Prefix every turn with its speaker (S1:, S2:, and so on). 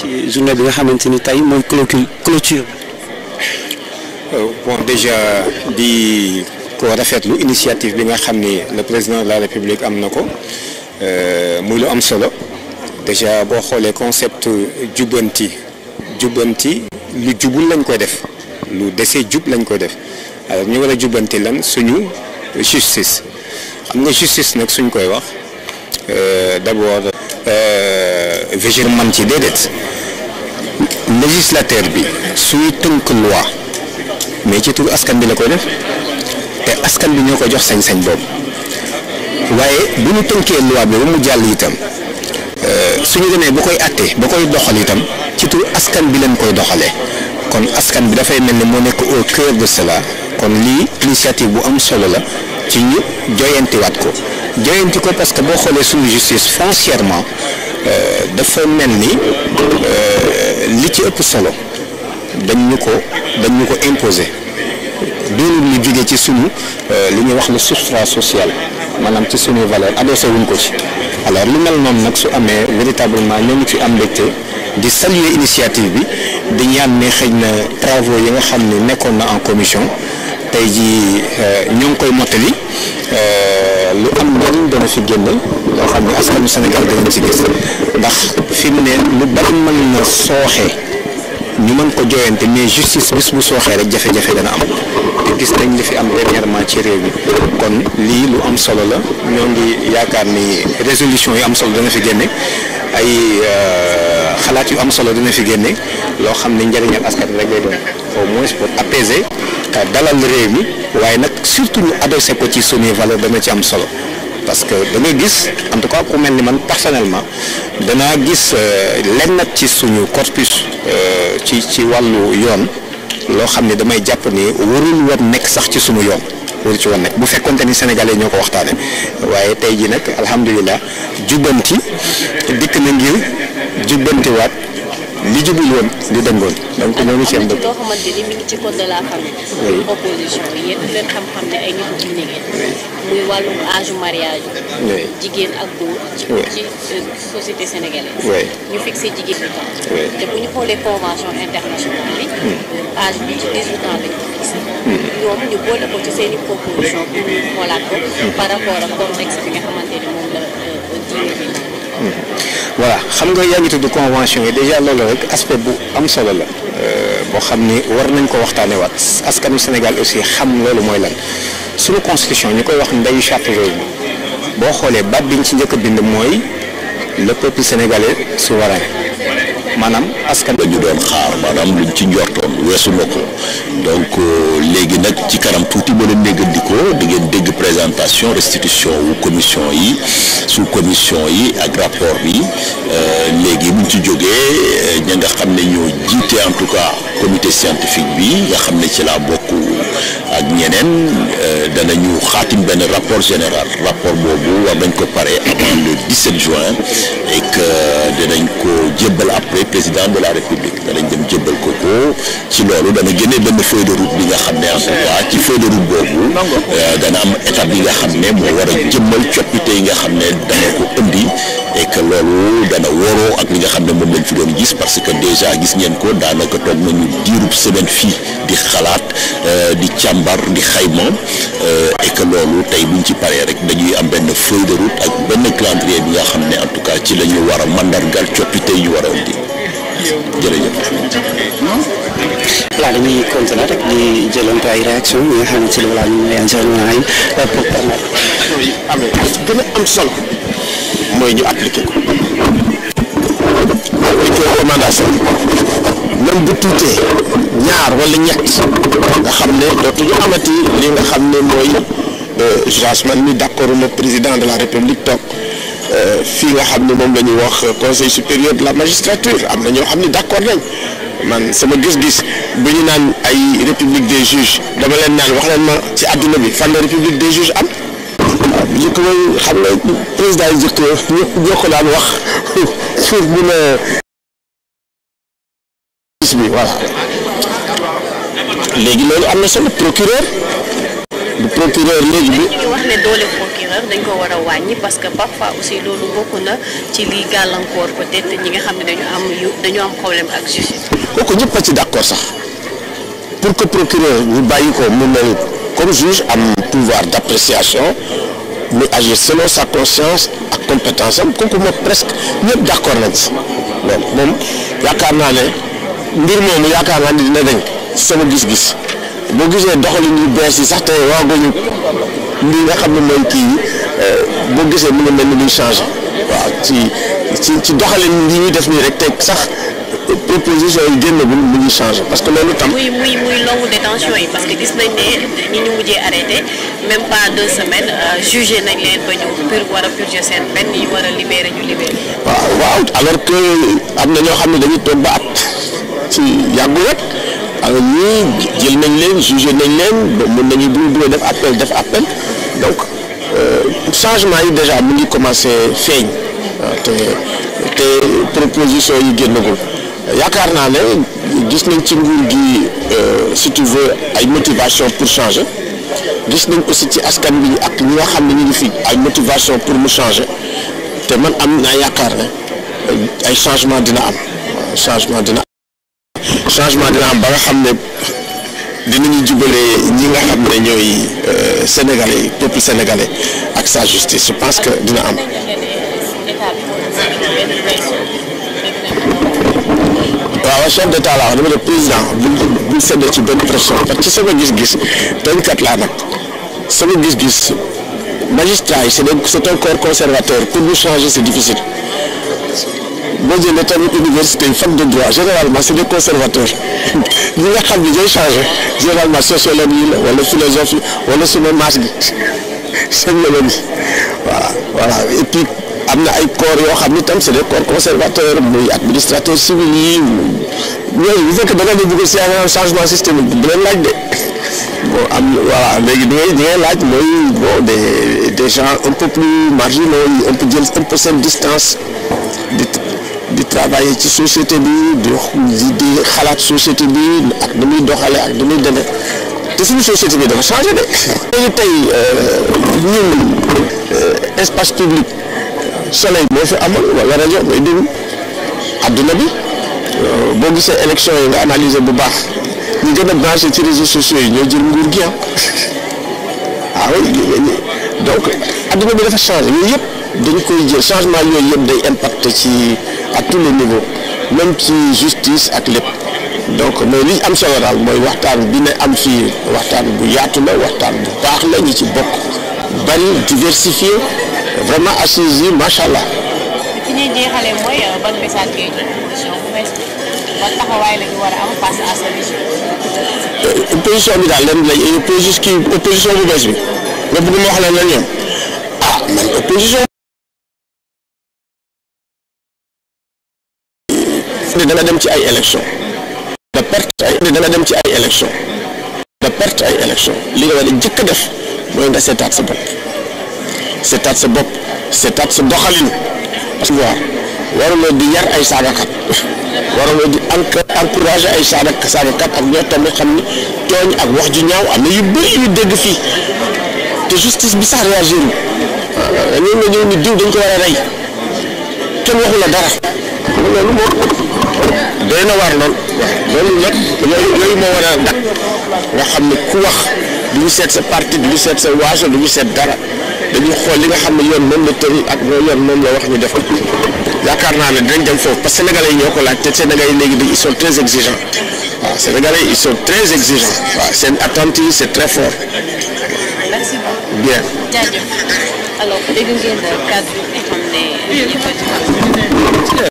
S1: ci journée bi nga xamante ni tey mooy clôture clôture euh, bon déjà di ko rafetlu initiative bi nga xam ni le président de la république am na ko euh, muy lu am solo déjà boo xoolee concept jubbanti jubbanti lu jubul lañ koy def lu desee jub lañ koy def alors ñu war jubbanti lan suñu justice xam nga justice nag suñ koy wax euh, d'abord Euh, végér man ci déedéet législateur bi suy tënk loi mais ci tur askan bi la koy def te askan bi ñoo ko jox sañ-sañ boobu waaye bu ñu tënkee loi bi ba mu jàll itam euh, suñu demee ba koy àtte ba koy doxal itam ci tur askan bi leen koy doxalee kon askan bi dafay mel ni moo nekk au cœur de cela kon lii initiative bu am solo la ci ñu joyantiwaat ko joyanti ko parce que boo xoolee suñu justice foncièrement Euh, dafa mel ni euh, li ci ëpp solo dañ ñu ko dañ ñu ko imposé doonul lu jóge ci suñu euh, li ñuy wax le substrat sociale maanaam ci suñuy valeur adossé wuñ ko ci alors lu mel noonu nag su amee véritablement ñoo ngi ci am mbégte di saluer initiative bi di ñaan ni xëy na travaux yi nga xam ne nekkoon na en commission tey jii euh, ñoo ngi koy mottali euh, lu am njëriñ dana fi génn loo xam ne askanu Sénégal dana ci gis ndax fi mu ne lu bari mën na sooxee ñu mën ko joyante mais justice bis bu sooxee rek jafe-jafe dana am te gis dañ li fi am dernièrement ci réew mi kon lii lu am solo la ñoo ngi yaakaar ni résolution yu am solo dana fi génne ay euh, xalaat yu am solo dana fi génne loo xam ne njëriñal askan rek lay doon au moins pour apaiser. te euh, dalal réew mi waaye nag surtout ñu adossé ko ci suñuy valeur dana ci am solo parce que da gis en tout cas ku mel ni man personnellement danaa gis euh, lenn nag ci suñu corpus euh, ci ci wàllu yoon loo xam ne damay jàpp ni warul woon nekk sax ci sumu yoon waru ci woon nekk bu fekkonte ni sénégalais ñoo ko waxtaane waaye tey ji nag alhamdulilah jubbanti dikk na ngir jubbantiwaat. li jubul woon di dëngoon donc ñoo ngi seen bëgg. loo xamante ni mi ngi ci code de la famille. opposition bi yéen leen xam-xam ne ay nit diine ngeen. muy wàllum âge mariage. jigéen ak góor. ci euh, société sénégalaise. ñu fixé jigéen bi tam. te bu ñu xoolee convention internationale bi. Hmm. Euh, bi ci 18 ans lañ ko hmm. ñoom ñu boole ko ci seen i proposition pour ñu xoolaat ko par rapport ak contexte bi nga xamante ni moom la euh, diine bi. voilà xam nga yaa ngi tudd convention yi déjà loolu rek aspect bu am solo la. Euh, boo xam ni war nañ ko waxtaanee waat askanu Sénégal aussi xam loolu mooy lan suñu constitution ñu koy wax ndeyu charte réew mi boo xoolee baat biñ ci njëkk a bind mooy le peuple sénégalais souverain.
S2: maanaam askan la ñu doon xaar maanaam luñ ci njortoon weesu na donc euh, léegi nag ci kanam tuuti ba la néegandikoo di ngeen dégg présentation restitution wu commission yi sous commission yi ak rapport bi euh, léegi buñ ci jógee euh, ña nga xam ne ñoo jiite en tout cas comité scientifique bi nga xam ne ci laa bokk ak ñeneen euh, danañu xaatim benn rapport général rapport boobu war nañ ko pare avant le 17 juin et que danañ ko jébbal après président de la république danañ dem jébbal ko ko ci loolu dana génne benn feuille de route bi nga xam ne en tout ci feuille de route boobu euh, dana am étape bi nga xam ne moo war a jëmmal coppite yi nga xam ne dana ko indi et que loolu dana waroo ak li nga xam ne moom lañ fi doon gis parce que déjà gis ngeen ko daanaka toog nañu diirub semaine fii di xalaat euh, di càmbar di xayma euh, et que loolu tey buñ ci paree rek dañuy am benn feuille de route ak benn calendrier bi nga xam ne en tout cas ci la ñu war a mandargal coppite yu war a jëla jërëjëf. yi ñu ngi lay euh,
S3: pour permettre. gën a am solo. mooy ñu appliqué ko appliqué recommandation même bu tuutee ñaar wala ñett nga xam ne dootuñu amati li nga xam ne mooy Joas man mi d'accord na président de la république toog euh, fii nga xam ne moom la ñuy wax conseil supérieur de la magistrature am na ñoo xam ne d'accord nañ man sama gis-gis bu ñu naan ay république des juges dama leen naan wax leen ma ci àdduna bi fan la république des juges am. jikko président yi jikko ñëpp ñoo ko daan léegi loolu am na solo procureur du procureur léegi bi wax
S1: ne dañ ko war parce que parfois aussi loolu bokk na ci lii gàllankoor peut-être ñi nga xam ne dañu am yu ak justice.
S3: kooku ci d'accord sax pour que procureur ñu bàyyi ko mu mel comme juge am pouvoir d'appréciation muy agir selon sa conscience ak compétence am kooku moom presque ñëpp d' nañ si loolu moom yaakaar naa ne ngir moomu yaakaar naa ne dina dañ sama gis-gis boo gisee doxalin yu bees yi sax te waaguñu li nga xam ne mooy kii euh, boo gisee mu ngi mel ni luy changé waaw ci ci ci doxalin yi ñuy def nii rek teg sax. proposition yi génnagul mu ngi changé parce que loolu tam.
S1: muy muy muy longue détention yi parce que gis nañ ne ñu mujjee arrêté même pas deux semaines euh, jugé nañ leen ba ñu pour war a purger yi war a
S3: am na ñoo xam ne dañuy toog ba at ci yàggu jël nañ leen nañ leen mën nañu bu ñu def def appel donc euh, yi déjà mu ngi commencé feeñ. te te yi génnagul. yaakaar naa ne gis nañ ci nguur gi euh, si tu ay motivation pour changer gis nañ aussi ci askan bi ak ñi nga xam ne ñu ngi fi ay motivation pour mu changer te man am naa yaakaar ne euh, ay changement dina am changement dina am changement dina am ba nga xam ne dinañu jubalee ñi nga xam ne ñooy euh, sénégalais peuple sénégalais ak sa justice je pense que dina am waaw chef d'état laa wax dama président buñ ko buñ ci benn pression parce que sama gis-gis tënkat laa nag sama gis-gis magistrat yi c'est un corps conservateur pour nous changer c'est difficile boo jëlee tamit université yi fac de droit généralement c'est des conservateurs ñi nga xam ne ñooy changer généralement sociologue yi la wala philosophe yi wala sunu maas gi seen la voilà et puis. am na ay corps yoo xam ni tam c'est des corps conservateurs muy administrateur civil yi ñooñu bu fekkee da nga bëgg si un changement systémique bu leen laaj de bon am voilà léegi da laaj mooy bon des des gens un peu plus marginaux yi un peu jël distance di di ci société bi di di xalaat société bi ak ni muy doxalee ak ni muy demee société bi dafa changé de. léegi tey euh, ñun euh, espace public. soleil moo fi amal wala rajo may déglu adduna bi euh, boo gisee élection yi nga analyser bu baax ñu gën a branché ci réseau sociaux yi ñoo jël nguur gi ah, ah oui bi dafa changé yooyu yëpp dañ koy jël changement yooyu day impacté ci à tous les niveaux même ci ak lépp donc mais li am solo daal mooy waxtaan bi ne am fii waxtaan bu yaatu la waxtaan bu baax la ci bokk bari diversifié. vraiment assises yi macha allah.
S1: fi ñuy jeexalee opposition euh, la
S3: ñu euh, bi daal lenn lañ opposition euh, kii opposition bu bees bi nga bëgg ma wax leen lan ñoom ah man opposition. de dana dem ci ay élection de perte ay dana dem ci ay élection de perte ay élection li nga war a jëkk def mooy nga seetaat sa bopp seetaat sa bopp seetaat sa doxalin parce que waruloo di yar ay saagakat waruloo di encouragé ay saaga saagakat ak ñoo tamit xam ni tooñ ak wax ju ñaaw am na yu bëri yu dégg fii te justice bi sax réagir wu euh, ñoo nga ñëw ni diw dañ ko war a rey kenn waxu la dara loolu moo doy na waar lool loolu nag yooyu yooyu moo war a dak nga xam ne ku wax du ñu seet sa parti du ñu seet sa waaso du ñu seet dara dañuy xool li nga xam ne yoon moom la tëri ak yoon moom la wax ñu def ko yaakaar naa ne dinañ dem foofu parce que sénégalais yi laaj te sénégalais yi léegi dañ ils sont très exigeants waaw sénégalais ils sont très exigeants seen attente yi c'est très bien.